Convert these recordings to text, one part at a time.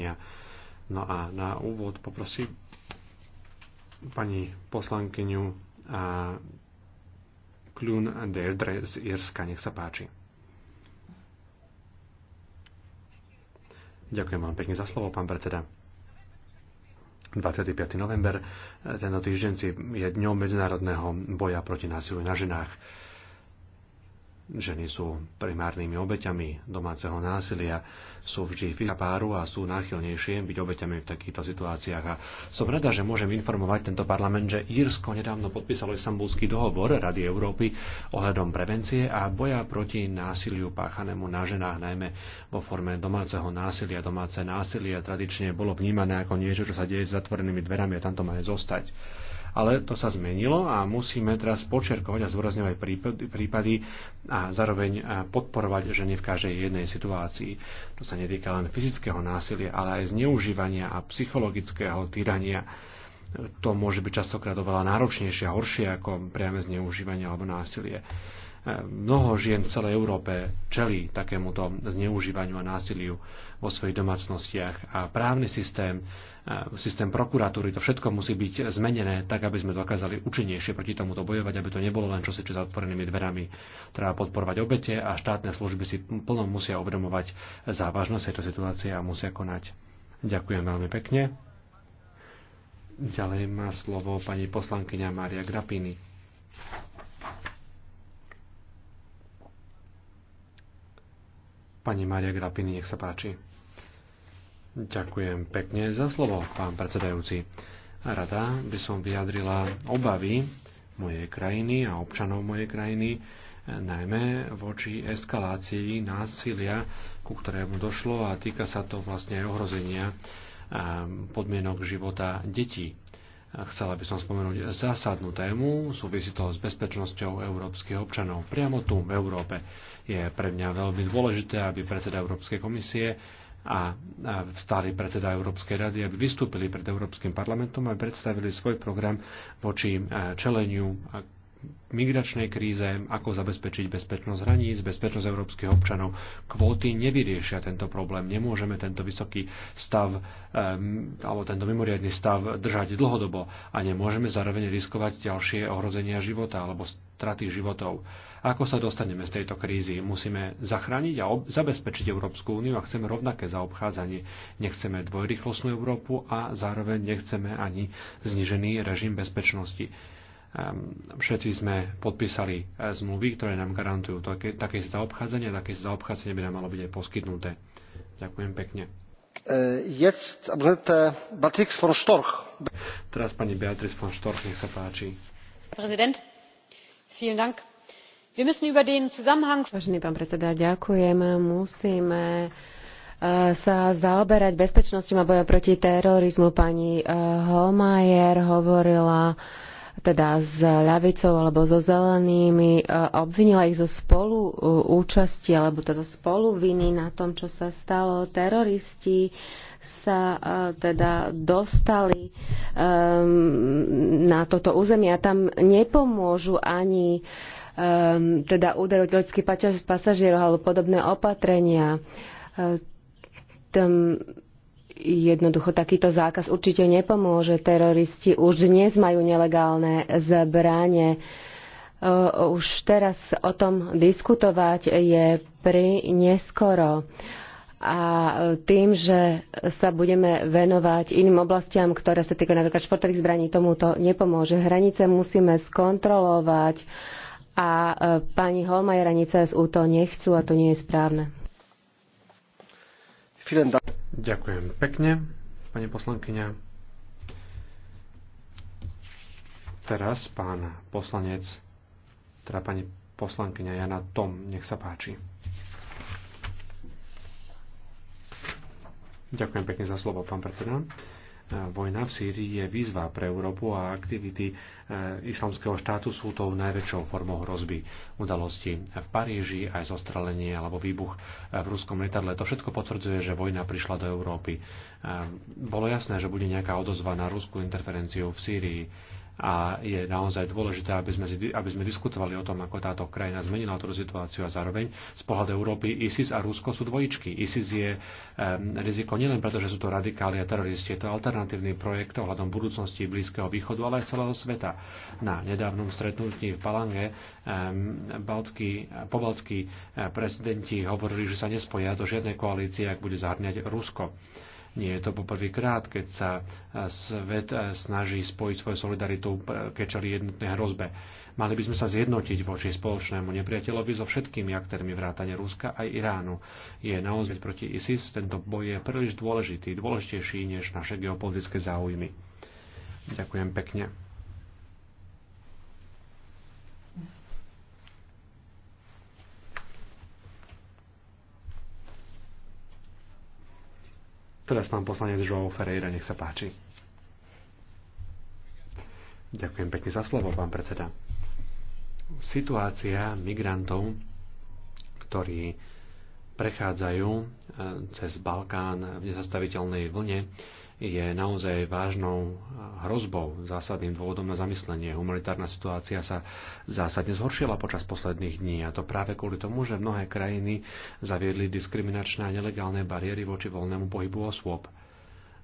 Ja. No a na úvod poprosím pani poslankyňu a Kľun Deldre z Irska. Nech sa páči. Ďakujem vám pekne za slovo, pán predseda. 25. november, tento týždeň je dňom medzinárodného boja proti násiliu na ženách Ženy sú primárnymi obeťami domáceho násilia, sú vždy fyzika páru a sú náchylnejšie byť obeťami v takýchto situáciách. A som rada, že môžem informovať tento parlament, že Írsko nedávno podpísalo istambulský dohovor Rady Európy ohľadom prevencie a boja proti násiliu páchanému na ženách, najmä vo forme domáceho násilia. Domáce násilie tradične bolo vnímané ako niečo, čo sa deje s zatvorenými dverami a tam to má aj zostať ale to sa zmenilo a musíme teraz počerkovať a zdôrazňovať prípady a zároveň podporovať ženy v každej jednej situácii. To sa netýka len fyzického násilia, ale aj zneužívania a psychologického týrania to môže byť častokrát oveľa náročnejšie a horšie ako priame zneužívanie alebo násilie. Mnoho žien v celej Európe čelí takémuto zneužívaniu a násiliu vo svojich domácnostiach a právny systém, e, systém prokuratúry, to všetko musí byť zmenené tak, aby sme dokázali účinnejšie proti tomuto bojovať, aby to nebolo len čosi za otvorenými dverami. Treba podporovať obete a štátne služby si plno musia uvedomovať závažnosť tejto situácie a musia konať. Ďakujem veľmi pekne. Ďalej má slovo pani poslankyňa Mária Grapiny. Pani Maria Grapini, nech sa páči. Ďakujem pekne za slovo, pán predsedajúci. Rada by som vyjadrila obavy mojej krajiny a občanov mojej krajiny, najmä voči eskalácii násilia, ku ktorému došlo a týka sa to vlastne aj ohrozenia podmienok života detí. Chcela by som spomenúť zásadnú tému, súvisí to s bezpečnosťou európskych občanov priamo tu v Európe je pre mňa veľmi dôležité, aby predseda Európskej komisie a stály predseda Európskej rady, aby vystúpili pred Európskym parlamentom a predstavili svoj program voči e, čeleniu migračnej kríze, ako zabezpečiť bezpečnosť hraníc, bezpečnosť európskych občanov. Kvóty nevyriešia tento problém. Nemôžeme tento vysoký stav e, alebo tento mimoriadný stav držať dlhodobo a nemôžeme zároveň riskovať ďalšie ohrozenia života alebo straty životov. Ako sa dostaneme z tejto krízy? Musíme zachrániť a zabezpečiť Európsku úniu a chceme rovnaké zaobchádzanie. Nechceme dvojrychlostnú Európu a zároveň nechceme ani znižený režim bezpečnosti. Ehm, všetci sme podpísali eh, zmluvy, ktoré nám garantujú také, také zaobchádzanie a také zaobchádzanie by nám malo byť aj poskytnuté. Ďakujem pekne. Eh, Teraz pani Beatrix von Storch, nech sa páči. Prezident Vážený pán predseda, ďakujem. Musíme eh, sa zaoberať bezpečnosťou a bojom proti terorizmu. Pani eh, hohlmeier hovorila teda s ľavicou alebo so zelenými, eh, obvinila ich zo spolu účasti alebo teda spoluviny na tom, čo sa stalo teroristi sa e, teda dostali um, na toto územie a tam nepomôžu ani um, teda údaj ľudských pasažierov alebo podobné opatrenia. tam jednoducho takýto zákaz určite nepomôže. Teroristi už dnes majú nelegálne zbranie. Už teraz o tom diskutovať je pri neskoro. Uh, a e, tým, že sa budeme venovať iným oblastiam, ktoré sa týkajú napríklad športových zbraní, tomu to nepomôže. Hranice musíme skontrolovať a e, pani Holmajer ani úto nechcú a to nie je správne. Ďakujem pekne, pani poslankyňa. Teraz pán poslanec, teda pani poslankyňa Jana Tom, nech sa páči. Ďakujem pekne za slovo, pán predseda. E, vojna v Sýrii je výzva pre Európu a aktivity e, islamského štátu sú tou najväčšou formou hrozby udalosti v Paríži, aj zostrelenie alebo výbuch e, v ruskom letadle. To všetko potvrdzuje, že vojna prišla do Európy. Bolo jasné, že bude nejaká odozva na ruskú interferenciu v Sýrii a je naozaj dôležité, aby sme, aby sme diskutovali o tom, ako táto krajina zmenila túto situáciu a zároveň z pohľadu Európy ISIS a Rusko sú dvojičky. ISIS je um, riziko nielen preto, že sú to radikáli a teroristi, je to alternatívny projekt ohľadom budúcnosti Blízkeho východu, ale aj celého sveta. Na nedávnom stretnutí v Palange um, baltskí, pobaltskí eh, prezidenti hovorili, že sa nespoja do žiadnej koalície, ak bude zahrňať Rusko. Nie je to poprvýkrát, keď sa e, svet e, snaží spojiť svoju solidaritu, e, keď čeli jednotnej hrozbe. Mali by sme sa zjednotiť voči spoločnému nepriateľovi so všetkými aktérmi vrátane Ruska aj Iránu. Je naozaj proti ISIS, tento boj je príliš dôležitý, dôležitejší než naše geopolitické záujmy. Ďakujem pekne. Teraz pán poslanec João Ferreira, nech sa páči. Ďakujem pekne za slovo, pán predseda. Situácia migrantov, ktorí prechádzajú eh, cez Balkán v nezastaviteľnej vlne, je naozaj vážnou hrozbou, zásadným dôvodom na zamyslenie. Humanitárna situácia sa zásadne zhoršila počas posledných dní a to práve kvôli tomu, že mnohé krajiny zaviedli diskriminačné a nelegálne bariéry voči voľnému pohybu osôb.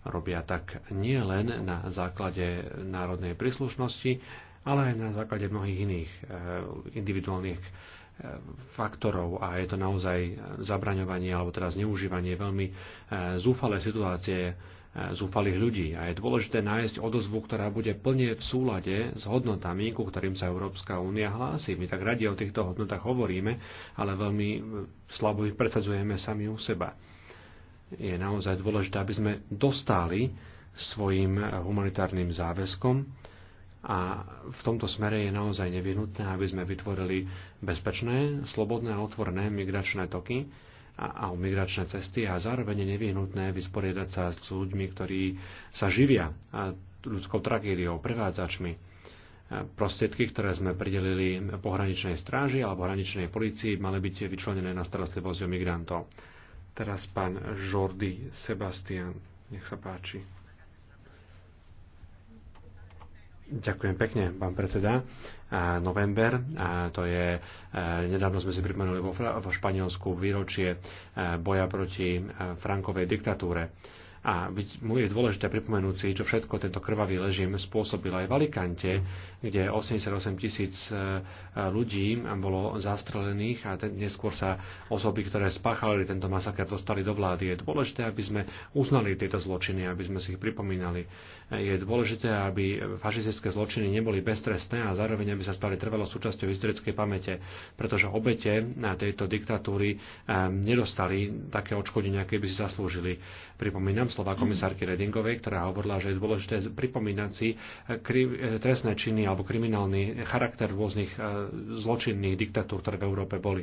Robia tak nie len na základe národnej príslušnosti, ale aj na základe mnohých iných eh, individuálnych eh, faktorov a je to naozaj zabraňovanie alebo teraz zneužívanie veľmi eh, zúfalé situácie zúfalých ľudí a je dôležité nájsť odozvu, ktorá bude plne v súlade s hodnotami, ku ktorým sa Európska únia hlási. My tak radi o týchto hodnotách hovoríme, ale veľmi e, slabo ich predsadzujeme sami u seba. Je naozaj dôležité, aby sme dostali svojim e, humanitárnym záväzkom, a v tomto smere je naozaj nevyhnutné, aby sme vytvorili bezpečné, slobodné a otvorené migračné toky, a, a migračné cesty a zároveň je nevyhnutné vysporiadať sa s ľuďmi, ktorí sa živia a ľudskou tragédiou, prevádzačmi. Prostriedky, ktoré sme pridelili pohraničnej stráži alebo hraničnej policii, mali byť vyčlenené na starostlivosť o migrantov. Teraz pán Jordi Sebastian, nech sa páči. Ďakujem pekne, pán predseda. A november, a to je, e, nedávno sme si pripomenuli vo, vo Španielsku výročie e, boja proti e, Frankovej diktatúre. A mu je dôležité pripomenúť si, čo všetko tento krvavý ležim spôsobil aj v Alicante, kde 88 tisíc e, ľudí bolo zastrelených a neskôr sa osoby, ktoré spáchali tento masaker, dostali do vlády. Je dôležité, aby sme uznali tieto zločiny, aby sme si ich pripomínali. E, je dôležité, aby fašistické zločiny neboli beztrestné a zároveň, aby sa stali trvalo súčasťou historickej pamäte, pretože obete na tejto diktatúry e, nedostali také odškodenia, aké by si zaslúžili. Pripomínam slova komisárky Redingovej, ktorá hovorila, že je dôležité pripomínať si trestné činy alebo kriminálny charakter rôznych e, zločinných diktatúr, ktoré v Európe boli.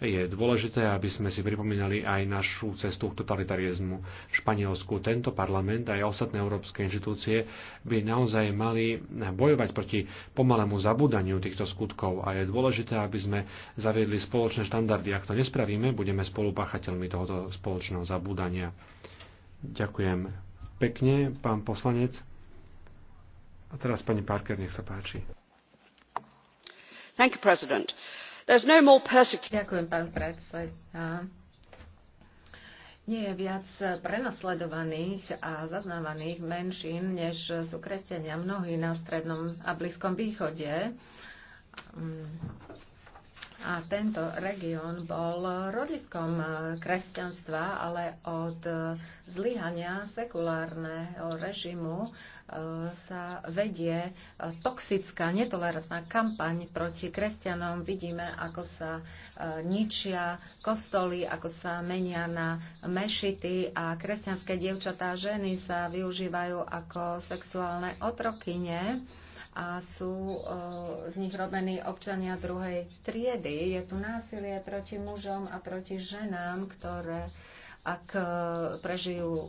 Je dôležité, aby sme si pripomínali aj našu cestu k totalitarizmu v Španielsku. Tento parlament a aj ostatné európske inštitúcie by naozaj mali bojovať proti pomalému zabúdaniu týchto skutkov a je dôležité, aby sme zaviedli spoločné štandardy. Ak to nespravíme, budeme spolupáchateľmi tohoto spoločného zabúdania. Ďakujem pekne, pán poslanec. A teraz pani Parker, nech sa páči. Thank you, President. There's no more persecution. Ďakujem, pán predseda. Nie je viac prenasledovaných a zaznávaných menšín, než sú kresťania mnohí na strednom a blízkom východe. A tento región bol rodiskom kresťanstva, ale od zlyhania sekulárneho režimu sa vedie e, toxická, netolerantná kampaň proti kresťanom. Vidíme, ako sa e, ničia kostoly, ako sa menia na mešity a kresťanské dievčatá a ženy sa využívajú ako sexuálne otrokyne a sú e, z nich robení občania druhej triedy. Je tu násilie proti mužom a proti ženám, ktoré ak e, prežijú mm,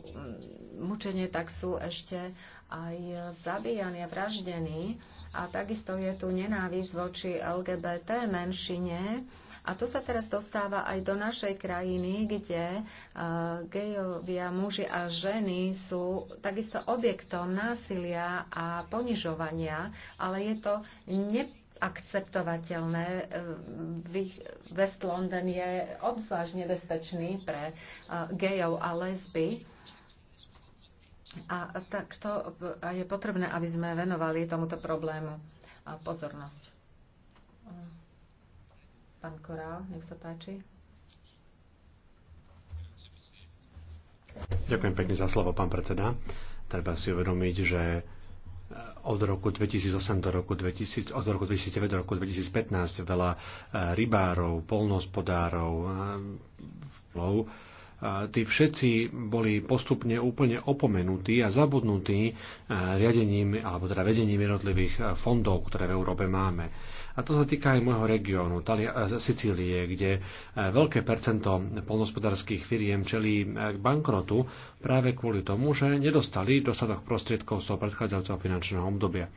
mučenie, tak sú ešte aj zabíjani a vraždení. A takisto je tu nenávisť voči LGBT menšine. A to sa teraz dostáva aj do našej krajiny, kde uh, gejovia, muži a ženy sú takisto objektom násilia a ponižovania, ale je to nepovedané akceptovateľné. E, West London je obzvlášť nebezpečný pre e, gejov a lesby. A to je potrebné, aby sme venovali tomuto problému pozornosť. E, pán Korál, nech sa páči. Ďakujem pekne za slovo, pán predseda. Treba si uvedomiť, že od roku 2008 do roku 2000, od roku 2009 do roku 2015 veľa e, rybárov, polnohospodárov, vplov, e, e, tí všetci boli postupne úplne opomenutí a zabudnutí riadením alebo teda vedením jednotlivých fondov, ktoré v Európe máme. A to sa týka aj môjho regiónu, eh, Sicílie, kde eh, veľké percento polnospodárských firiem čelí eh, k bankrotu práve kvôli tomu, že nedostali dostatok prostriedkov z toho predchádzajúceho finančného obdobia.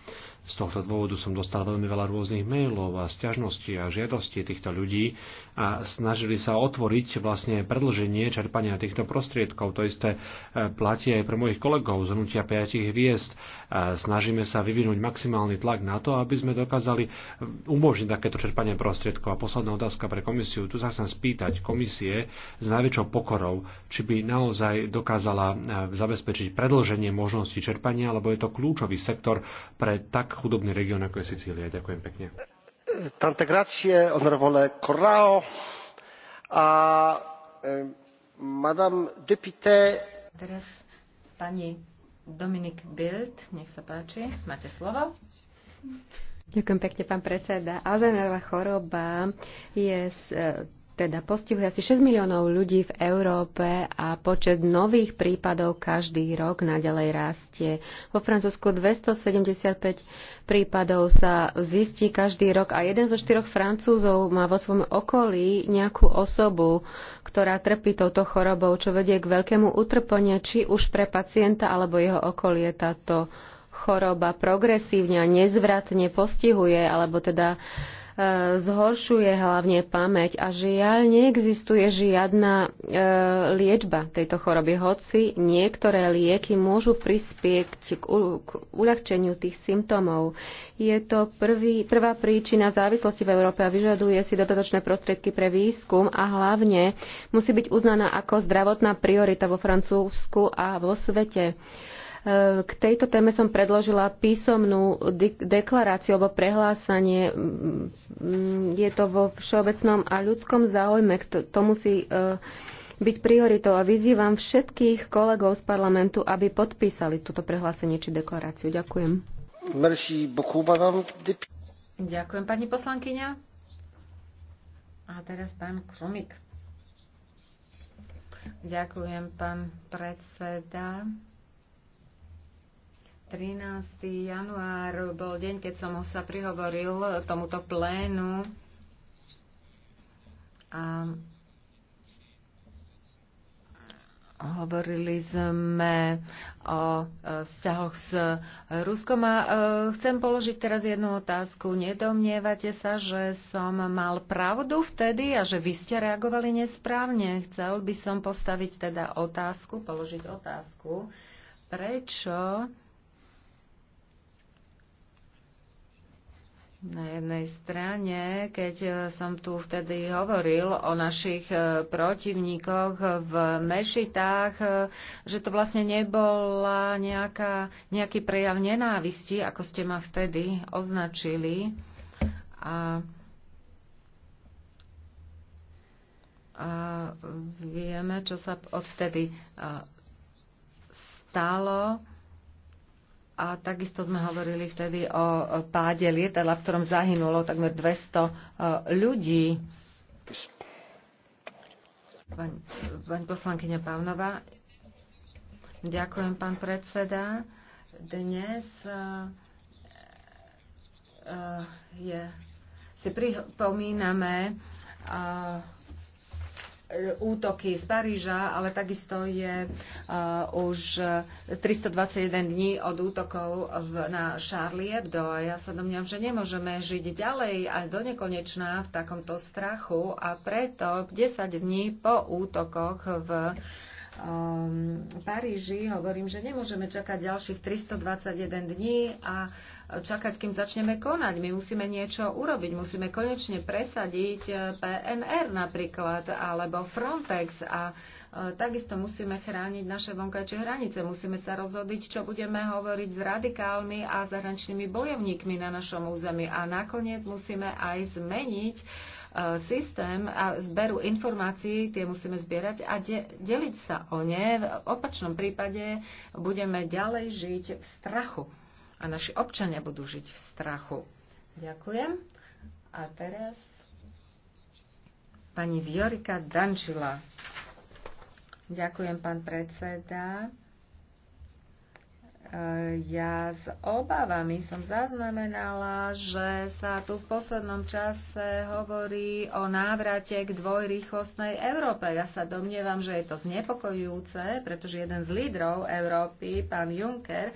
Z tohto dôvodu som dostal veľmi veľa rôznych mailov a sťažností a žiadostí týchto ľudí a snažili sa otvoriť vlastne predlženie čerpania týchto prostriedkov. To isté platí aj pre mojich kolegov z hnutia 5 hviezd. Snažíme sa vyvinúť maximálny tlak na to, aby sme dokázali umožniť takéto čerpanie prostriedkov. A posledná otázka pre komisiu. Tu sa chcem spýtať komisie s najväčšou pokorou, či by naozaj dokázala eh, zabezpečiť predlženie možnosti čerpania, lebo je to kľúčový sektor pre tak chudobný región, ako je Sicília. Ďakujem pekne. Tante grazie, onorevole Corrao. A eh, madame Depité. Teraz pani Dominik Bild, nech sa páči, máte slovo. Ďakujem pekne, pán predseda. Alzheimerová choroba je e, teda postihuje asi 6 miliónov ľudí v Európe a počet nových prípadov každý rok naďalej rastie. Vo Francúzsku 275 prípadov sa zistí každý rok a jeden zo štyroch Francúzov má vo svojom okolí nejakú osobu, ktorá trpí touto chorobou, čo vedie k veľkému utrpeniu či už pre pacienta alebo jeho okolie táto choroba progresívne a nezvratne postihuje, alebo teda e, zhoršuje hlavne pamäť a žiaľ neexistuje žiadna e, liečba tejto choroby, hoci niektoré lieky môžu prispieť k, u, k uľahčeniu tých symptómov. Je to prvý, prvá príčina závislosti v Európe a vyžaduje si dodatočné prostriedky pre výskum a hlavne musí byť uznaná ako zdravotná priorita vo Francúzsku a vo svete. E, k tejto téme som predložila písomnú deklaráciu alebo prehlásanie. Je to vo všeobecnom a ľudskom záujme. To musí e, byť prioritou a vyzývam všetkých kolegov z parlamentu, aby podpísali toto prehlásenie či deklaráciu. Ďakujem. Merci beaucoup, Ďakujem, pani poslankyňa. A teraz pán Krumik. Ďakujem, pán predseda. 13. január bol deň, keď som sa prihovoril tomuto plénu a hovorili sme o e, vzťahoch s Ruskom a e, chcem položiť teraz jednu otázku. Nedomnievate sa, že som mal pravdu vtedy a že vy ste reagovali nesprávne? Chcel by som postaviť teda otázku, položiť otázku, prečo Na jednej strane, keď som tu vtedy hovoril o našich e, protivníkoch v mešitách, e, že to vlastne nebola nejaká, nejaký prejav nenávisti, ako ste ma vtedy označili. A, a vieme, čo sa odvtedy e, stalo a takisto sme hovorili vtedy o páde lietadla, v ktorom zahynulo takmer 200 e, ľudí. Pani, pani poslankyňa Pavnova. Ďakujem, pán predseda. Dnes e, e, je, si pripomíname E, útoky z Paríža, ale takisto je uh, už 321 dní od útokov v, na Charlie Hebdo a ja sa domňam, že nemôžeme žiť ďalej a do nekonečná v takomto strachu a preto 10 dní po útokoch v um, Paríži, hovorím, že nemôžeme čakať ďalších 321 dní a čakať, kým začneme konať. My musíme niečo urobiť, musíme konečne presadiť eh, PNR napríklad, alebo Frontex a eh, Takisto musíme chrániť naše vonkajšie hranice. Musíme sa rozhodiť, čo budeme hovoriť s radikálmi a zahraničnými bojovníkmi na našom území. A nakoniec musíme aj zmeniť uh, E, systém a zberu informácií, tie musíme zbierať a de- deliť sa o ne. V opačnom prípade budeme ďalej žiť v strachu a naši občania budú žiť v strachu. Ďakujem. A teraz pani Viorika Dančila. Ďakujem, pán predseda. Eh, ja s obavami som zaznamenala, že sa tu v poslednom čase hovorí o návrate k dvojrýchlostnej Európe. Ja sa domnievam, že je to znepokojujúce, pretože jeden z lídrov Európy, pán Juncker,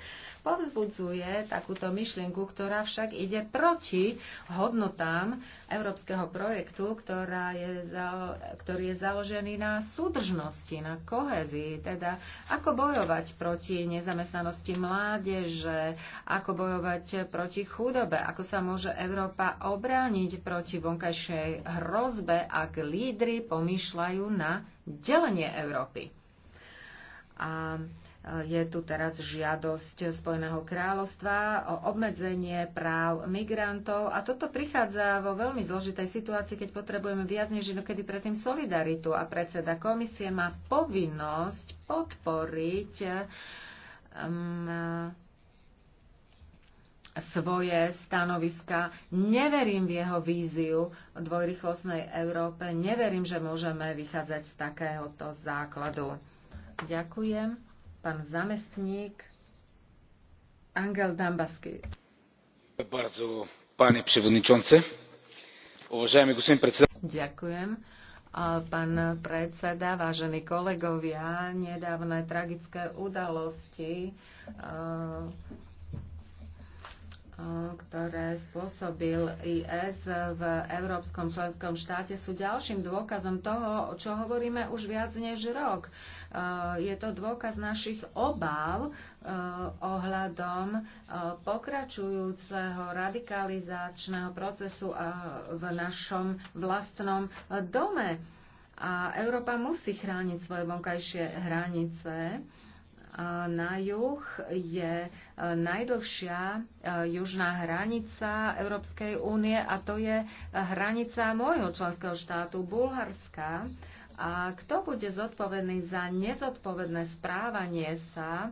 povzbudzuje takúto myšlienku, ktorá však ide proti hodnotám európskeho projektu, ktorá je za, ktorý je založený na súdržnosti, na kohezii, teda ako bojovať proti nezamestnanosti mládeže, ako bojovať proti chudobe, ako sa môže Európa obrániť proti vonkajšej hrozbe, ak lídry pomýšľajú na delenie Európy. A je tu teraz žiadosť Spojeného kráľovstva o obmedzenie práv migrantov a toto prichádza vo veľmi zložitej situácii, keď potrebujeme viac než inokedy predtým solidaritu a predseda komisie má povinnosť podporiť um, svoje stanoviska. Neverím v jeho víziu o dvojrychlostnej Európe. Neverím, že môžeme vychádzať z takéhoto základu. Ďakujem pán zamestník Angel Dambaski. Bardzo, panie przewodniczący. Ďakujem. Pán predseda, vážení kolegovia, nedávne tragické udalosti ktoré spôsobil IS v Európskom členskom štáte, sú ďalším dôkazom toho, čo hovoríme už viac než rok. Eh, je to dôkaz našich obáv eh, ohľadom eh, pokračujúceho radikalizačného procesu v našom vlastnom dome. A Európa musí chrániť svoje vonkajšie hranice na juh je najdlhšia južná hranica Európskej únie a to je hranica môjho členského štátu Bulharska. A kto bude zodpovedný za nezodpovedné správanie sa e,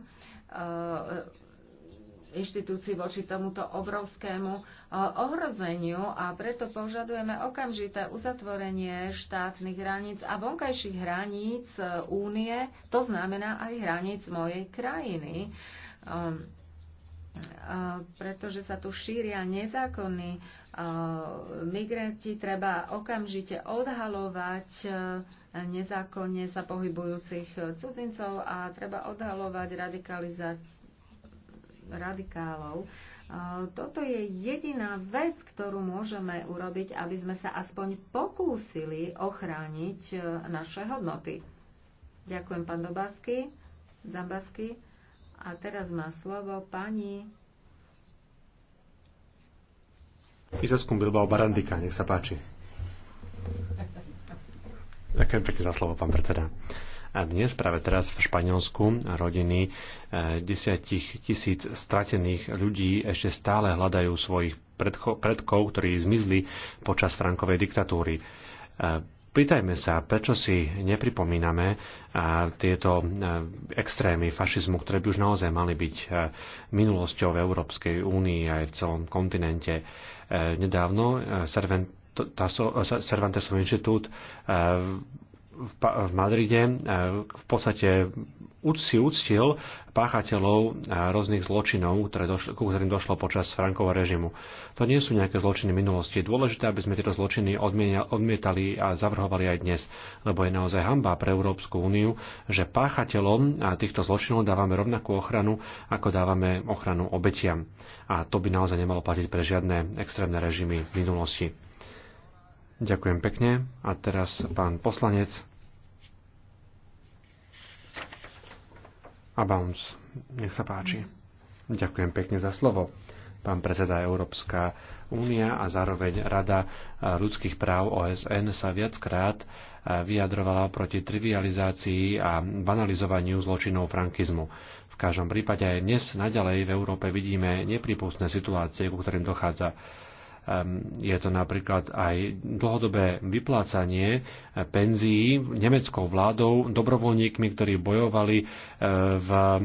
inštitúcií voči tomuto obrovskému e, ohrozeniu a preto požadujeme okamžité uzatvorenie štátnych hraníc a vonkajších hraníc e, únie, to znamená aj hraníc mojej krajiny, pretože sa tu šíria nezákonný Eh, migranti treba okamžite odhalovať eh, nezákonne sa pohybujúcich cudzincov a treba odhalovať radikálov. Eh, toto je jediná vec, ktorú môžeme urobiť, aby sme sa aspoň pokúsili ochrániť naše hodnoty. Ďakujem, pán Dobasky, A teraz má slovo pani Izaskum Bilbao Barandika, nech sa páči. Ďakujem pekne za slovo, pán predseda. A dnes, práve teraz v Španielsku, rodiny eh, desiatich tisíc stratených ľudí ešte stále hľadajú svojich predkov, ktorí zmizli počas Frankovej diktatúry eh, Pýtajme sa, prečo si nepripomíname tieto extrémy fašizmu, ktoré by už naozaj mali byť minulosťou v Európskej únii aj v celom kontinente. Nedávno Cervantesov inštitút v, v Madride e, v podstate si uctil páchateľov e, rôznych zločinov, ktoré došlo, ku ktorým došlo počas Frankova režimu. To nie sú nejaké zločiny minulosti. Je dôležité, aby sme tieto zločiny odmietali a zavrhovali aj dnes, lebo je naozaj hamba pre Európsku úniu, že páchateľom e, týchto zločinov dávame rovnakú ochranu, ako dávame ochranu obetiam. A to by naozaj nemalo platiť pre žiadne extrémne režimy v minulosti. Ďakujem pekne. A teraz pán poslanec. A bounce. Nech sa páči. Ďakujem pekne za slovo pán predseda Európska únia a zároveň Rada ľudských práv OSN sa viackrát vyjadrovala proti trivializácii a banalizovaniu zločinov frankizmu. V každom prípade aj dnes naďalej v Európe vidíme nepripustné situácie, ku ktorým dochádza Ehm, je to napríklad aj dlhodobé vyplácanie eh, penzií nemeckou vládou dobrovoľníkmi, ktorí bojovali eh, v, eh,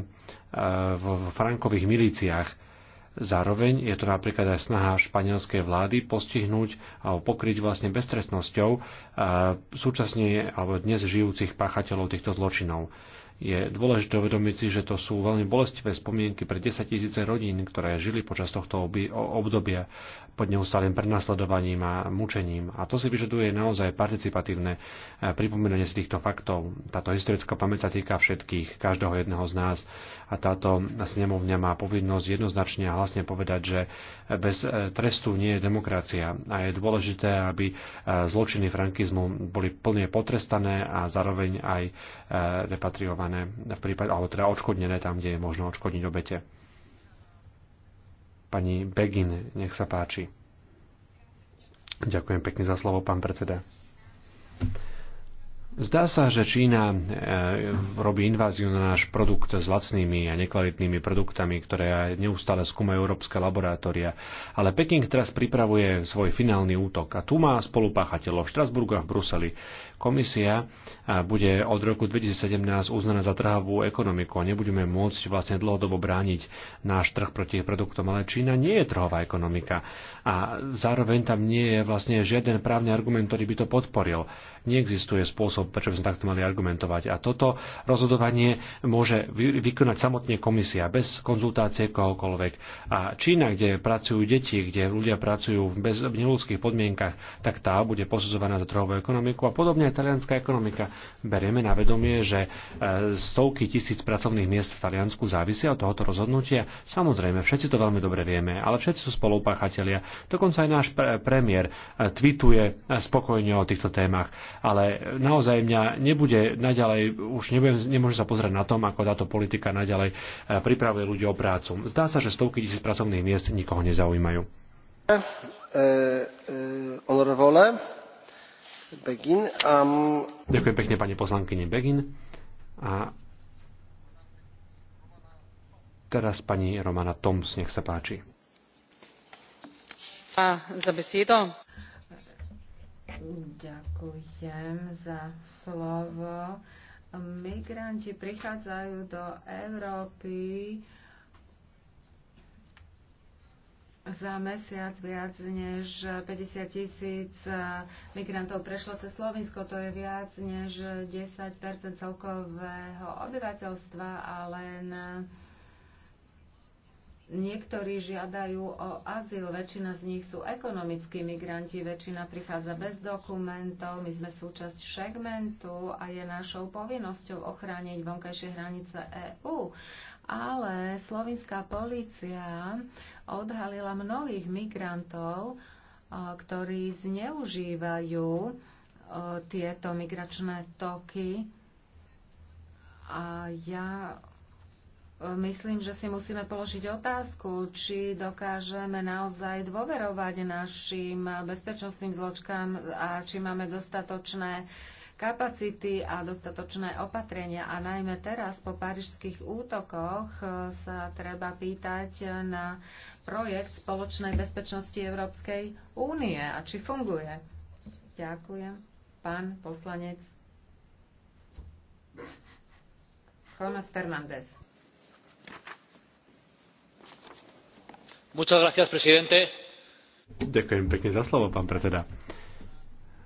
v frankových milíciách. Zároveň je to napríklad aj snaha španielskej vlády postihnúť alebo pokryť vlastne beztrestnosťou súčasne alebo dnes žijúcich páchateľov týchto zločinov. Je dôležité uvedomiť si, že to sú veľmi bolestivé spomienky pre 10 tisíce rodín, ktoré žili počas tohto obdobia pod neustálým prenasledovaním a mučením. A to si vyžaduje naozaj participatívne e, pripomínanie si týchto faktov. Táto historická pamäť sa týka všetkých, každého jedného z nás. A táto snemovňa má povinnosť jednoznačne a hlasne povedať, že bez e, trestu nie je demokracia. A je dôležité, aby e, zločiny frankizmu boli plne potrestané a zároveň aj repatriované vymáhané v prípade, alebo teda odškodnené tam, kde je možno odškodniť obete. Pani Begin, nech sa páči. Ďakujem pekne za slovo, pán predseda. Zdá sa, že Čína e, robí inváziu na náš produkt s lacnými a nekvalitnými produktami, ktoré neustále skúmajú európske laboratória. Ale Peking teraz pripravuje svoj finálny útok a tu má spolupáchateľov v Štrasburgu a v Bruseli, Komisia bude od roku 2017 uznaná za trhovú ekonomiku a nebudeme môcť vlastne dlhodobo brániť náš trh proti produktom, ale Čína nie je trhová ekonomika a zároveň tam nie je vlastne žiaden právny argument, ktorý by to podporil. Neexistuje spôsob, prečo by sme takto mali argumentovať a toto rozhodovanie môže vykonať samotne komisia bez konzultácie kohokoľvek. A Čína, kde pracujú deti, kde ľudia pracujú v, bez, v neludských podmienkach, tak tá bude posudzovaná za trhovú ekonomiku a podobne je talianská ekonomika. Berieme na vedomie, že e, stovky tisíc pracovných miest v Taliansku závisia od tohoto rozhodnutia. Samozrejme, všetci to veľmi dobre vieme, ale všetci sú spolupáchatelia. Dokonca aj náš pre- premiér e, tweetuje e, spokojne o týchto témach. Ale naozaj mňa nebude naďalej, už nebudem, nemôžem sa pozrieť na tom, ako táto politika naďalej pripravuje ľudí o prácu. Zdá sa, že stovky tisíc pracovných miest nikoho nezaujímajú. E, e, honorable. Begin. Um... Ďakujem pekne pani poslankyne Begin. A teraz pani Romana Toms, nech sa páči. A za besedo. Ďakujem za slovo. Migranti prichádzajú do Európy za mesiac viac než 50 tisíc e, migrantov prešlo cez Slovinsko. To je viac než 10 celkového obyvateľstva ale na niektorí žiadajú o azyl. Väčšina z nich sú ekonomickí migranti, väčšina prichádza bez dokumentov. My sme súčasť segmentu a je našou povinnosťou ochrániť vonkajšie hranice EÚ. Ale slovinská policia odhalila mnohých migrantov, ktorí zneužívajú tieto migračné toky. A ja e, myslím, že si musíme položiť otázku, či dokážeme naozaj dôverovať našim bezpečnostným zločkám a či máme dostatočné uh, kapacity a dostatočné opatrenia. A najmä teraz po parížských útokoch e, sa treba pýtať na projekt spoločnej bezpečnosti Európskej únie a či funguje. Ďakujem. Pán poslanec Jonas Fernández. Muchas gracias, presidente. Ďakujem pekne za slovo, pán predseda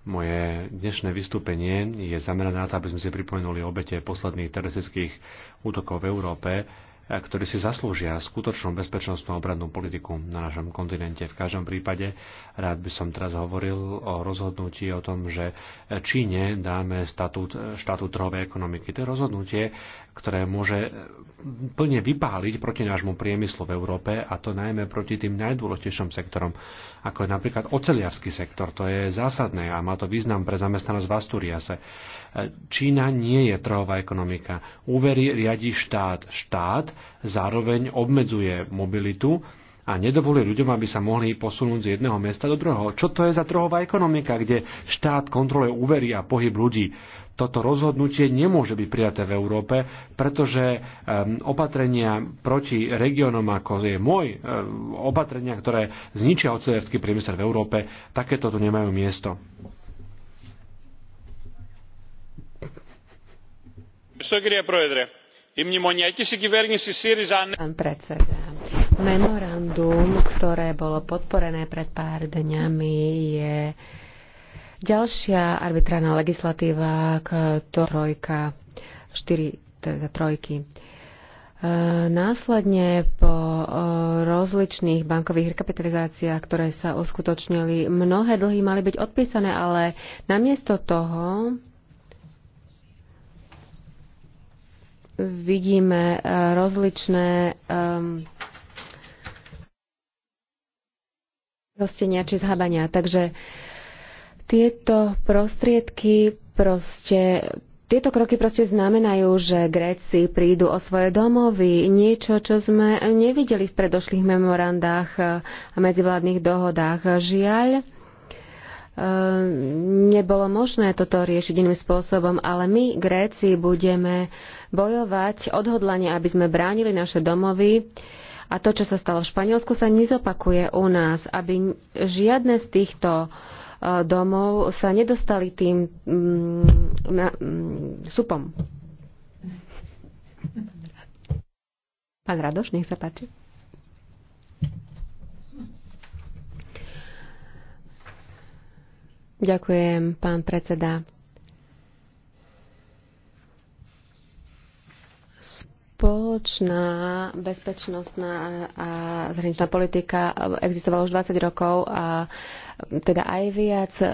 moje dnešné vystúpenie je zamerané na to, aby sme si pripomenuli obete posledných teroristických útokov v Európe ktorí si zaslúžia skutočnú bezpečnostnú obradnú politiku na našom kontinente. V každom prípade rád by som teraz hovoril o rozhodnutí o tom, že Číne dáme statút, štátu trhovej ekonomiky. To je rozhodnutie, ktoré môže plne vypáliť proti nášmu priemyslu v Európe a to najmä proti tým najdôležitejším sektorom, ako je napríklad oceliarský sektor. To je zásadné a má to význam pre zamestnanosť v Asturiase. Čína nie je trhová ekonomika. Úvery riadi štát. Štát zároveň obmedzuje mobilitu a nedovolí ľuďom, aby sa mohli posunúť z jedného mesta do druhého. Čo to je za trhová ekonomika, kde štát kontroluje úvery a pohyb ľudí? Toto rozhodnutie nemôže byť prijaté v Európe, pretože um, opatrenia proti regiónom, ako je môj, um, opatrenia, ktoré zničia ocelierský priemysel v Európe, takéto tu nemajú miesto. Čo, Pán predseda, memorandum, ktoré bolo podporené pred pár dňami, je ďalšia arbitrárna legislatíva, ktorá trojka, štyri teda trojky. E, následne po e, rozličných bankových rekapitalizáciách, ktoré sa uskutočnili, mnohé dlhy mali byť odpísané, ale namiesto toho vidíme eh, rozličné ehm, hostenia či zhabania. Takže tieto prostriedky proste tieto kroky proste znamenajú, že Gréci prídu o svoje domovy, niečo, čo sme nevideli v predošlých memorandách a medzivládnych dohodách. Žiaľ, Ehm, nebolo možné toto riešiť iným spôsobom, ale my, Gréci, budeme bojovať odhodlane, aby sme bránili naše domovy a to, čo sa stalo v Španielsku, sa nezopakuje u nás, aby žiadne z týchto e, domov sa nedostali tým mm, na, mm, supom. Pán Radoš, nech sa páči. Ďakujem, pán predseda. Spoločná bezpečnostná a zahraničná politika existovala už 20 rokov a teda aj viac. E,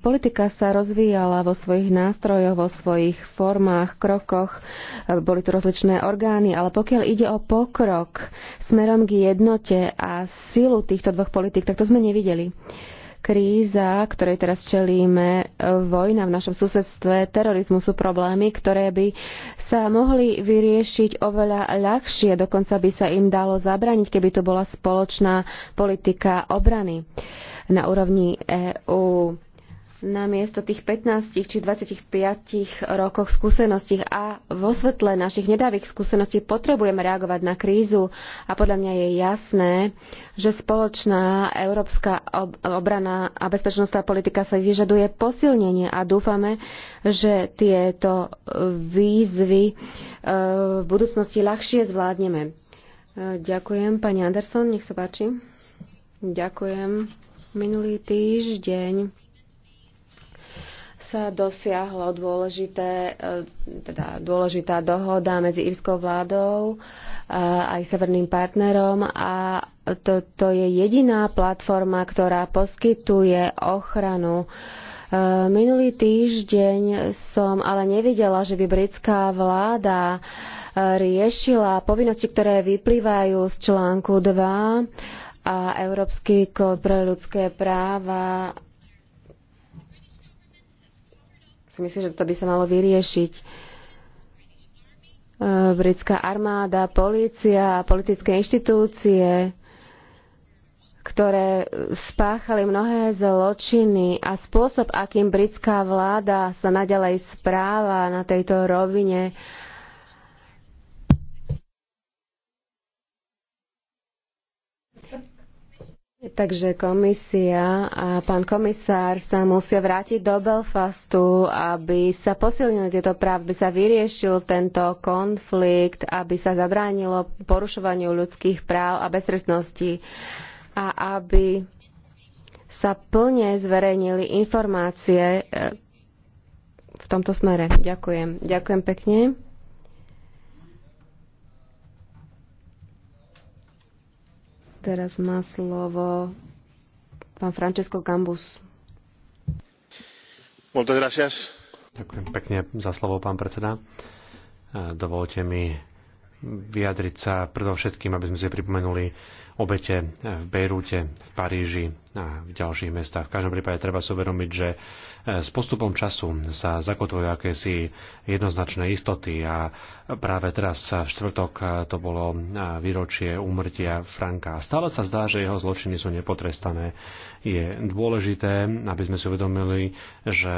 politika sa rozvíjala vo svojich nástrojoch, vo svojich formách, krokoch. E, boli tu rozličné orgány, ale pokiaľ ide o pokrok smerom k jednote a silu týchto dvoch politik, tak to sme nevideli. Kríza, ktorej teraz čelíme, e, vojna v našom susedstve, terorizmu sú problémy, ktoré by sa mohli vyriešiť oveľa ľahšie, dokonca by sa im dalo zabraniť, keby to bola spoločná politika obrany na úrovni EÚ namiesto tých 15 či 25 rokoch skúseností a vo svetle našich nedávých skúseností potrebujeme reagovať na krízu a podľa mňa je jasné, že spoločná európska obrana a bezpečnostná politika sa vyžaduje posilnenie a dúfame, že tieto výzvy e, v budúcnosti ľahšie zvládneme. E, ďakujem. Pani Anderson, nech sa páči. Ďakujem. Minulý týždeň sa dosiahlo dôležité, e, teda dôležitá dohoda medzi írskou vládou a e, aj severným partnerom a to, to je jediná platforma, ktorá poskytuje ochranu e, Minulý týždeň som ale nevidela, že by britská vláda riešila povinnosti, ktoré vyplývajú z článku 2 a Európsky kód pre ľudské práva si myslím, že to by sa malo vyriešiť. E, britská armáda, polícia, a politické inštitúcie, ktoré spáchali mnohé zločiny a spôsob, akým britská vláda sa naďalej správa na tejto rovine, Takže komisia a pán komisár sa musia vrátiť do Belfastu, aby sa posilnili tieto práv, aby sa vyriešil tento konflikt, aby sa zabránilo porušovaniu ľudských práv a bezrestnosti a aby sa plne zverejnili informácie eh, v tomto smere. Ďakujem. Ďakujem pekne. Teraz má slovo pán Francesco Gambus. gracias. Ďakujem pekne za slovo, pán predseda. E, dovolte mi vyjadriť sa predovšetkým, aby sme si pripomenuli obete v Bejrúte, v Paríži, v ďalších mestách. V každom prípade treba si uvedomiť, že e, s postupom času sa zakotvujú akési jednoznačné istoty a práve teraz v štvrtok e, to bolo e, výročie úmrtia Franka. Stále sa zdá, že jeho zločiny sú nepotrestané. Je dôležité, aby sme si uvedomili, že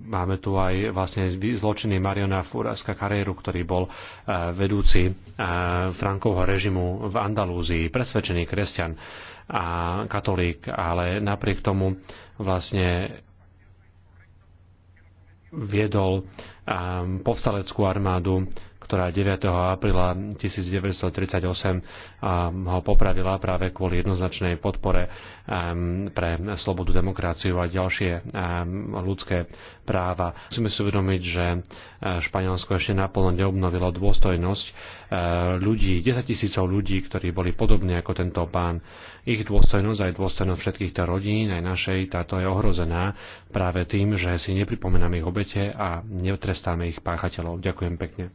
máme tu aj vlastne zločiny Mariona Furaska Carreru, ktorý bol vedúci Frankovho režimu v Andalúzii, presvedčený kresťan a katolík, ale napriek tomu vlastne viedol povstaleckú armádu ktorá 9. apríla 1938 ho popravila práve kvôli jednoznačnej podpore pre slobodu, demokraciu a ďalšie ľudské práva. Musíme si uvedomiť, že e, Španielsko ešte naplno neobnovilo dôstojnosť e, ľudí, 10 tisícov ľudí, ktorí boli podobní ako tento pán. Ich dôstojnosť aj dôstojnosť všetkých tá rodín, aj našej, táto je ohrozená práve tým, že si nepripomíname ich obete a netrestáme ich páchateľov. Ďakujem pekne.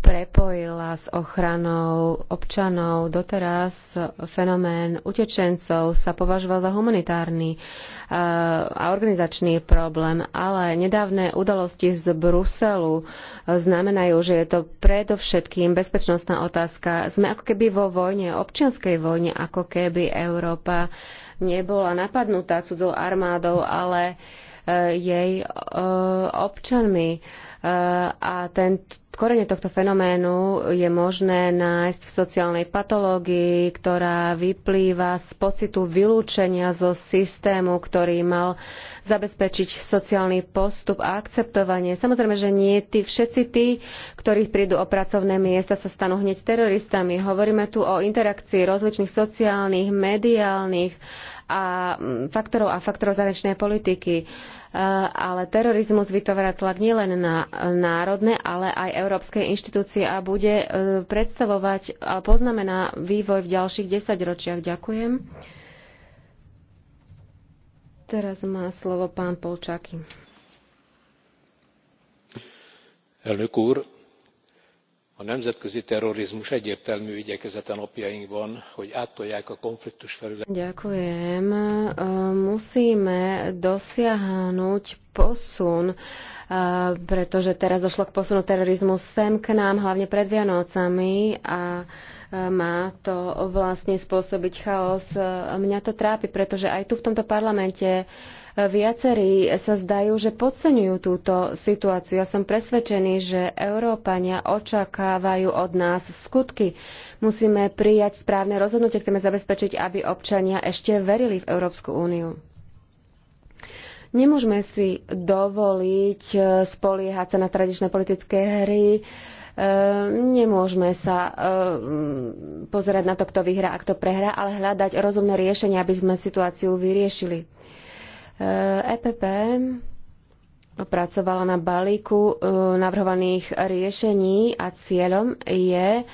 prepojila s ochranou občanov. Doteraz fenomén utečencov sa považoval za humanitárny eh, a organizačný problém, ale nedávne udalosti z Bruselu eh, znamenajú, že je to predovšetkým bezpečnostná otázka. Sme ako keby vo vojne, občianskej vojne, ako keby Európa nebola napadnutá cudzou armádou, ale eh, jej občanmi. A ten, korene tohto fenoménu je možné nájsť v sociálnej patológii, ktorá vyplýva z pocitu vylúčenia zo systému, ktorý mal zabezpečiť sociálny postup a akceptovanie. Samozrejme, že nie tí, všetci tí, ktorí prídu o pracovné miesta, sa stanú hneď teroristami. Hovoríme tu o interakcii rozličných sociálnych, mediálnych a mm, faktorov a faktorov zahraničnej politiky. E, ale terorizmus vytvára tlak nielen na národné, ale aj európske inštitúcie a bude e, predstavovať a poznamená vývoj v ďalších desaťročiach. Ďakujem. Teraz má slovo pán Polčaky. Elnök úr, a nemzetközi terrorizmus egyértelmű igyekezete napjainkban, hogy áttolják a konfliktus felület pretože teraz došlo k posunu terorizmu sem k nám, hlavne pred Vianocami a e, má to vlastne spôsobiť chaos. E, mňa to trápi, pretože aj tu v tomto parlamente e, viacerí sa zdajú, že podceňujú túto situáciu. Ja som presvedčený, že Európania očakávajú od nás skutky. Musíme prijať správne rozhodnutie, chceme zabezpečiť, aby občania ešte verili v Európsku úniu. Nemôžeme si dovoliť e, spoliehať sa na tradičné politické hry, e, nemôžeme sa e, pozerať na to, kto vyhrá a kto prehrá, ale hľadať rozumné riešenia, aby sme situáciu vyriešili. EPP pracovala na balíku navrhovaných riešení a cieľom je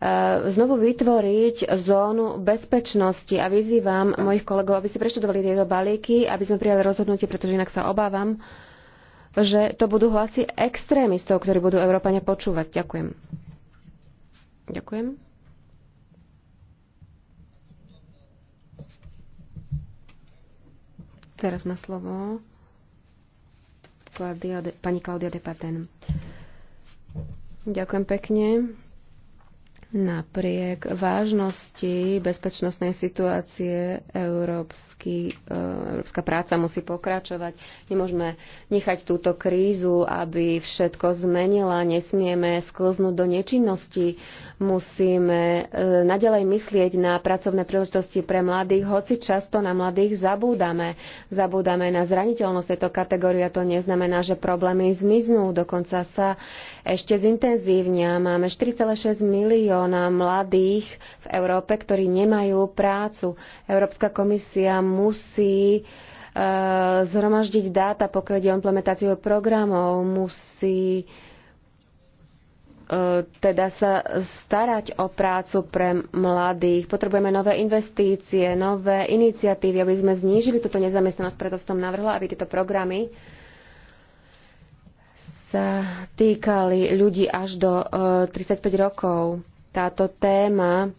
Eh, znovu vytvoriť zónu bezpečnosti a vyzývam mojich kolegov, aby si preštudovali tieto balíky, aby sme prijali rozhodnutie, pretože inak sa obávam, že to budú hlasy extrémistov, ktorí budú Európania počúvať. Ďakujem. Ďakujem. Teraz má slovo de, pani Klaudia Depaten. Ďakujem pekne. Napriek vážnosti bezpečnostnej situácie európsky, e, európska práca musí pokračovať. Nemôžeme nechať túto krízu, aby všetko zmenila. Nesmieme sklznúť do nečinnosti. Musíme e, nadalej myslieť na pracovné príležitosti pre mladých, hoci často na mladých zabúdame. Zabúdame na zraniteľnosť tejto kategórie. To neznamená, že problémy zmiznú. Dokonca sa ešte zintenzívnia. Máme 4,6 miliónov milióna mladých v Európe, ktorí nemajú prácu. Európska komisia musí e, zhromaždiť dáta, pokiaľ o implementáciu programov, musí e, teda sa starať o prácu pre mladých. Potrebujeme nové investície, nové iniciatívy, aby sme znížili túto nezamestnanosť. Preto som navrhla, aby tieto programy sa týkali ľudí až do e, 35 rokov. Táto téma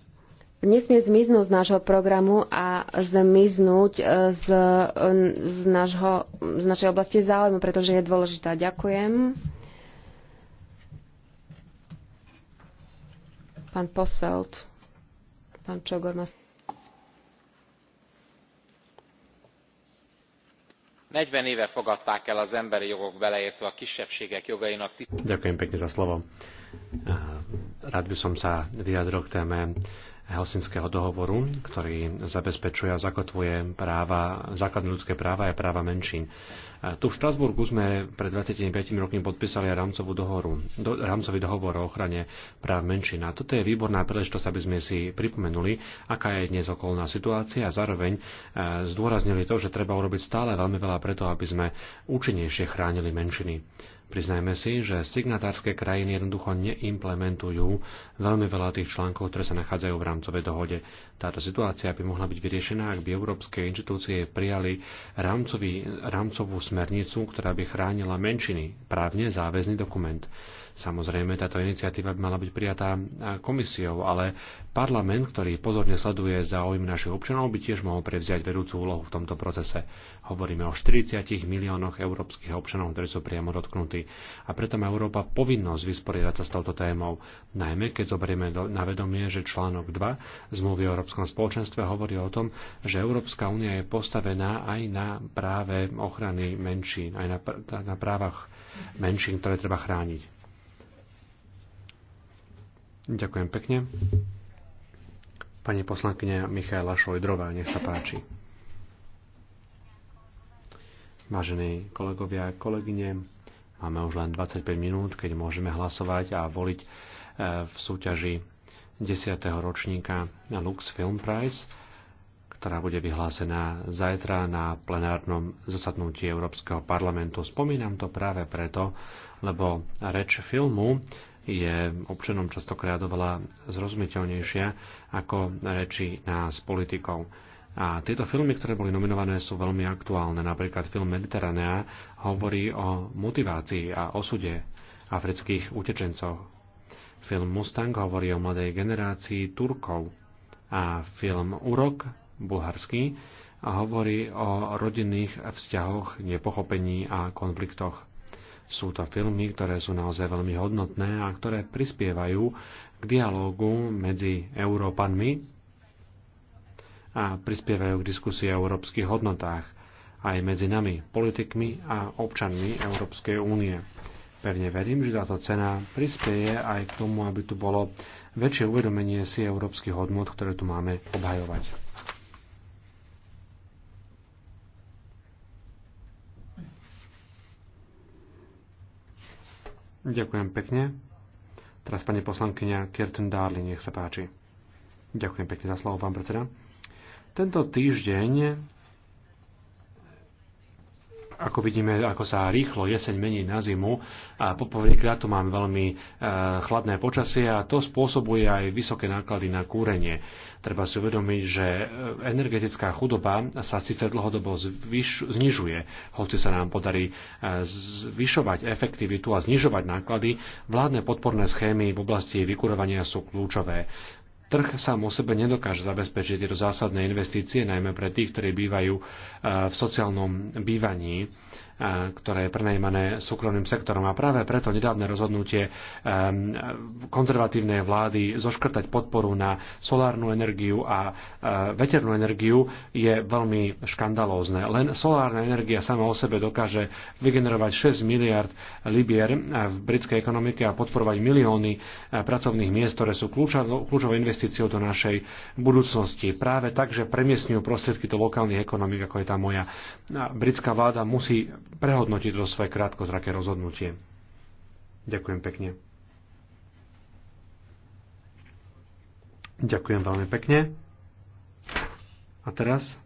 nesmie zmiznúť z nášho programu a zmiznúť e, z, e, z, nášho, z našej oblasti záujmu, pretože je dôležitá. Ďakujem. Pán Poselt, pán Čogor má... 40 éve fogadták el az emberi jogok beleértve a kisebbségek jogainak... Ďakujem pekne za slovo Rád by som sa vyjadril k téme Helsinského dohovoru, ktorý zabezpečuje a zakotvuje práva, základné ľudské práva a práva menšín. Tu v Štrasburgu sme pred 25 rokmi podpísali rámcovú dohoru, do, rámcový dohovor o ochrane práv menšín. A toto je výborná príležitosť, aby sme si pripomenuli, aká je dnes okolná situácia a zároveň e, zdôraznili to, že treba urobiť stále veľmi veľa preto, aby sme účinnejšie chránili menšiny. Priznajme si, že signatárske krajiny jednoducho neimplementujú veľmi veľa tých článkov, ktoré sa nachádzajú v rámcovej dohode. Táto situácia by mohla byť vyriešená, ak by európske inštitúcie prijali rámcový, rámcovú smernicu, ktorá by chránila menšiny, právne záväzný dokument. Samozrejme, táto iniciatíva by mala byť prijatá komisiou, ale parlament, ktorý pozorne sleduje záujmy našich občanov, by tiež mohol prevziať vedúcu úlohu v tomto procese. Hovoríme o 40 miliónoch európskych občanov, ktorí sú priamo dotknutí. A preto má Európa povinnosť vysporiadať sa s touto témou, najmä keď zoberieme na vedomie, že článok 2 zmluvy o Európskom spoločenstve hovorí o tom, že Európska únia je postavená aj na práve ochrany menšín, aj na, na právach menšín, ktoré treba chrániť. Ďakujem pekne. Pani poslankyňa Michaela Šojdrová, nech sa páči. Vážení kolegovia a kolegyne, máme už len 25 minút, keď môžeme hlasovať a voliť e, v súťaži 10. ročníka Lux Film Prize, ktorá bude vyhlásená zajtra na plenárnom zasadnutí Európskeho parlamentu. Spomínam to práve preto, lebo reč filmu je občanom častokrát oveľa zrozumiteľnejšia ako reči nás politikov. A tieto filmy, ktoré boli nominované, sú veľmi aktuálne. Napríklad film Mediteranea hovorí o motivácii a osude afrických utečencov. Film Mustang hovorí o mladej generácii Turkov. A film Urok, bulharský, hovorí o rodinných vzťahoch, nepochopení a konfliktoch. Sú to filmy, ktoré sú naozaj veľmi hodnotné a ktoré prispievajú k dialógu medzi Európanmi a prispievajú k diskusii o európskych hodnotách aj medzi nami, politikmi a občanmi Európskej únie. Pevne verím, že táto cena prispieje aj k tomu, aby tu bolo väčšie uvedomenie si európskych hodnot, ktoré tu máme obhajovať. Ďakujem pekne. Teraz pani poslankyňa Kirsten Darling, nech sa páči. Ďakujem pekne za slovo, pán predseda. Tento týždeň ako vidíme, ako sa rýchlo jeseň mení na zimu a poprvýkrát tu mám veľmi e, chladné počasie a to spôsobuje aj vysoké náklady na kúrenie. Treba si uvedomiť, že e, energetická chudoba sa síce dlhodobo zvyš, znižuje, hoci sa nám podarí e, zvyšovať efektivitu a znižovať náklady, vládne podporné schémy v oblasti vykurovania sú kľúčové. Trh sám o sebe nedokáže zabezpečiť tieto zásadné investície, najmä pre tých, ktorí bývajú eh, v sociálnom bývaní ktoré je prenajímané súkromným sektorom. A práve preto nedávne rozhodnutie konzervatívnej vlády zoškrtať podporu na solárnu energiu a e, veternú energiu je veľmi škandalózne. Len solárna energia sama o sebe dokáže vygenerovať 6 miliard libier e, v britskej ekonomike a podporovať milióny e, pracovných miest, ktoré sú kľúčovou investíciou do našej budúcnosti. Práve tak, že premiestňujú prostriedky do lokálnych ekonomik, ako je tá moja. Britská vláda musí prehodnotiť to svoje krátkozraké rozhodnutie. Ďakujem pekne. Ďakujem veľmi pekne. A teraz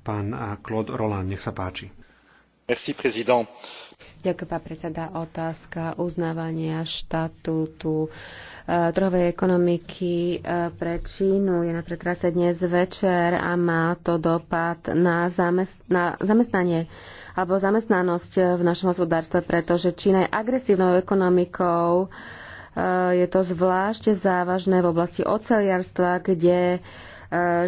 pán Claude Roland, nech sa páči. Merci, président. Ďakujem, pán predseda. Otázka uznávania štatútu e, trhovej ekonomiky e, pre Čínu je na pretrase dnes večer a má to dopad na, zamest- na zamestnanie alebo zamestnanosť v našom hospodárstve, pretože Čína je agresívnou ekonomikou. E, je to zvlášť závažné v oblasti oceliarstva, kde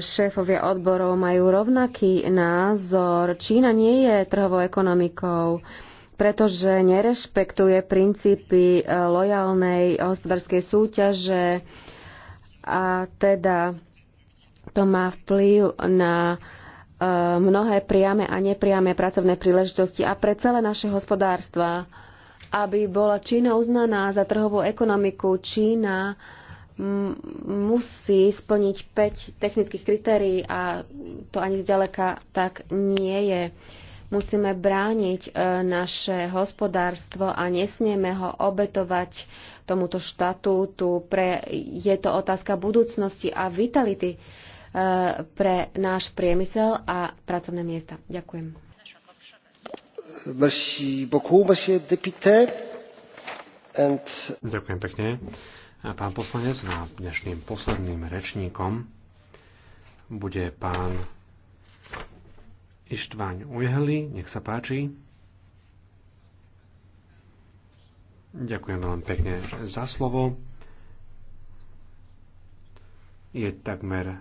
šéfovia odborov majú rovnaký názor. Čína nie je trhovou ekonomikou pretože nerešpektuje princípy e, lojálnej hospodárskej súťaže a teda to má vplyv na e, mnohé priame a nepriame pracovné príležitosti a pre celé naše hospodárstva. Aby bola Čína uznaná za trhovú ekonomiku, Čína musí splniť 5 technických kritérií a to ani zďaleka tak nie je. Uh, Musíme brániť e, naše hospodárstvo a nesmieme ho obetovať tomuto štatútu. Pre, je to otázka budúcnosti a vitality e, pre náš priemysel a pracovné miesta. Ďakujem. Merci beaucoup, monsieur député. And... Ďakujem pekne. A pán poslanec, na dnešným posledným rečníkom bude pán Ištváň Ujehli, nech sa páči. Ďakujem veľmi pekne za slovo. Je takmer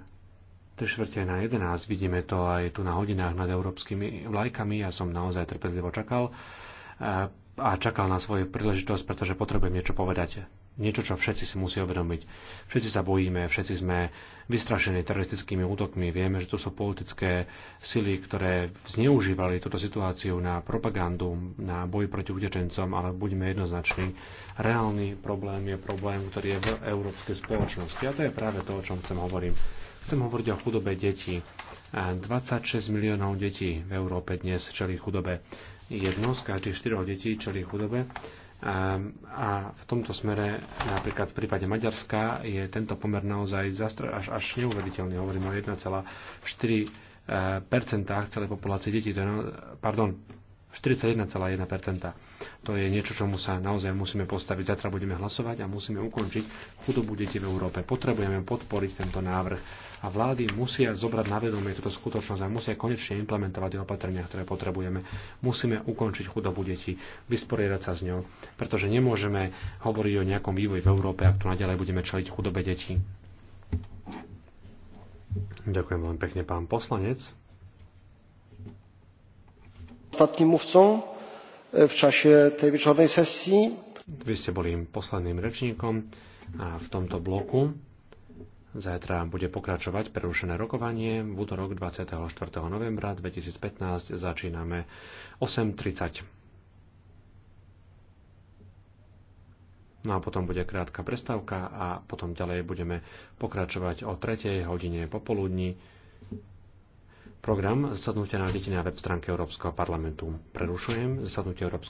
3 čtvrte na 11, vidíme to aj tu na hodinách nad európskymi vlajkami, ja som naozaj trpezlivo čakal a čakal na svoju príležitosť, pretože potrebujem niečo povedať niečo, čo všetci si musí uvedomiť. Všetci sa bojíme, všetci sme vystrašení teroristickými útokmi. Vieme, že to sú politické sily, ktoré zneužívali túto situáciu na propagandu, na boj proti utečencom, ale buďme jednoznační. Reálny problém je problém, ktorý je v európskej spoločnosti. A to je práve to, o čom chcem hovorím. Chcem hovoriť o chudobe detí. 26 miliónov detí v Európe dnes čelí chudobe. Jedno z každých štyroch detí čelí chudobe Ehm, a v tomto smere, napríklad v prípade Maďarska, je tento pomer naozaj až, až neuveriteľný. Hovorím o 1,4 eh, percentách celej populácie detí, pardon, 41,1%. To je niečo, čomu sa naozaj musíme postaviť. Zatra budeme hlasovať a musíme ukončiť chudobu detí v Európe. Potrebujeme podporiť tento návrh a vlády musia zobrať na vedomie túto skutočnosť a musia konečne implementovať tie opatrenia, ktoré potrebujeme. Musíme ukončiť chudobu detí, vysporiadať sa s ňou, pretože nemôžeme hovoriť o nejakom vývoji v Európe, ak tu naďalej budeme čeliť chudobe detí. Ďakujem veľmi pekne, pán poslanec ostatným mluvcom v e, čase tej večernej sesii. Vy ste boli posledným rečníkom a v tomto bloku Zajtra bude pokračovať prerušené rokovanie. V útorok 24. novembra 2015 začíname 8.30. No a potom bude krátka prestávka a potom ďalej budeme pokračovať o 3. hodine popoludní Program zasadnutia nájdete na web stránke Európskeho parlamentu. Prerušujem zasadnutie Európskeho